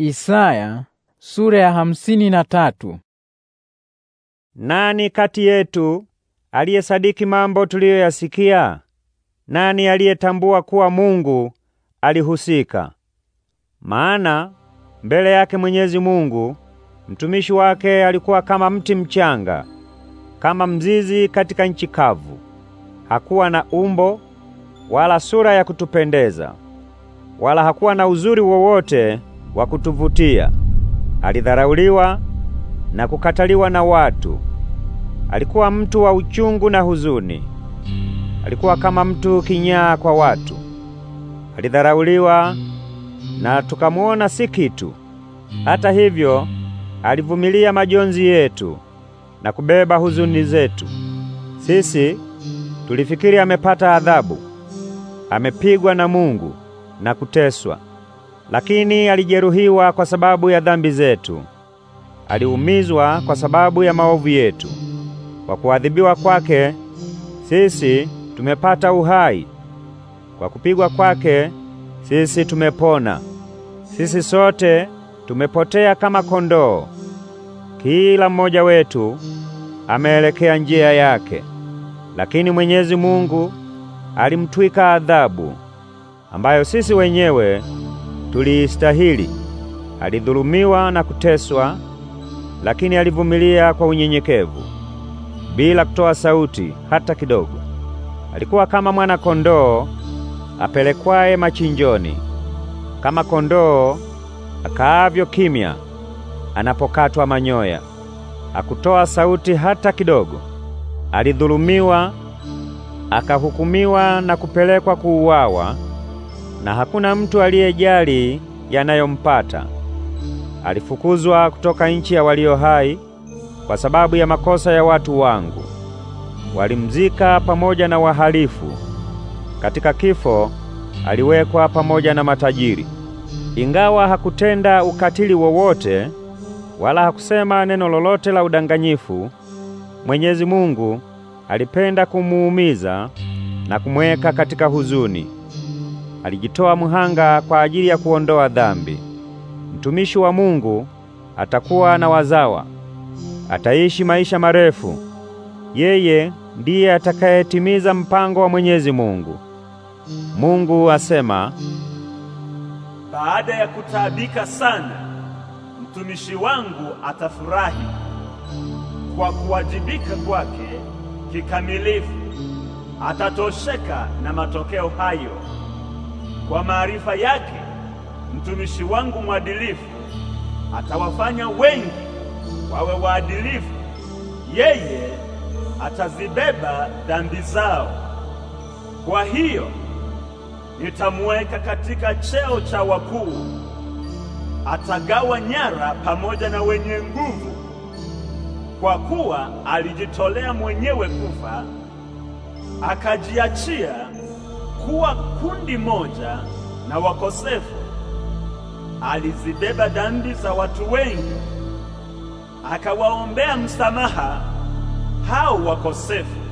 Isaya sura ya hamsini na tatu. Nani kati yetu aliyesadiki mambo tuliyoyasikia? Nani aliyetambua kuwa Mungu alihusika? Maana mbele yake Mwenyezi Mungu mtumishi wake alikuwa kama mti mchanga, kama mzizi katika nchi kavu. Hakuwa na umbo wala sura ya kutupendeza, wala hakuwa na uzuri wowote wa kutuvutia. Alidharauliwa na kukataliwa na watu. Alikuwa mtu wa uchungu na huzuni. Alikuwa kama mtu kinyaa kwa watu. Alidharauliwa na tukamuona si kitu. Hata hivyo, alivumilia majonzi yetu na kubeba huzuni zetu. Sisi tulifikiri amepata adhabu, amepigwa na Mungu na kuteswa lakini alijeruhiwa kwa sababu ya dhambi zetu, aliumizwa kwa sababu ya maovu yetu. Kwa kuadhibiwa kwake sisi tumepata uhai, kwa kupigwa kwake sisi tumepona. Sisi sote tumepotea kama kondoo, kila mmoja wetu ameelekea njia yake, lakini Mwenyezi Mungu alimtwika adhabu ambayo sisi wenyewe tuliistahili. Alidhulumiwa na kuteswa, lakini alivumilia kwa unyenyekevu bila kutoa sauti hata kidogo. Alikuwa kama mwana kondoo apelekwaye machinjoni, kama kondoo akaavyo kimya anapokatwa manyoya. akutoa sauti hata kidogo. Alidhulumiwa, akahukumiwa na kupelekwa kuuawa na hakuna mtu aliyejali yanayompata. Alifukuzwa kutoka nchi ya walio hai kwa sababu ya makosa ya watu wangu. Walimzika pamoja na wahalifu, katika kifo aliwekwa pamoja na matajiri. Ingawa hakutenda ukatili wowote wala hakusema neno lolote la udanganyifu, Mwenyezi Mungu alipenda kumuumiza na kumweka katika huzuni alijitoa muhanga kwa ajili ya kuondoa dhambi. Mtumishi wa Mungu atakuwa na wazawa, ataishi maisha marefu. Yeye ndiye atakayetimiza mpango wa Mwenyezi Mungu. Mungu asema, baada ya kutaabika sana mtumishi wangu atafurahi kwa kuwajibika kwake kikamilifu, atatosheka na matokeo hayo. Kwa maarifa yake mtumishi wangu mwadilifu atawafanya wengi wawe waadilifu, yeye atazibeba dhambi zao. Kwa hiyo nitamuweka katika cheo cha wakuu, atagawa nyara pamoja na wenye nguvu, kwa kuwa alijitolea mwenyewe kufa akajiachia kuwa kundi moja na wakosefu, alizibeba dhambi za watu wengi, akawaombea msamaha hao wakosefu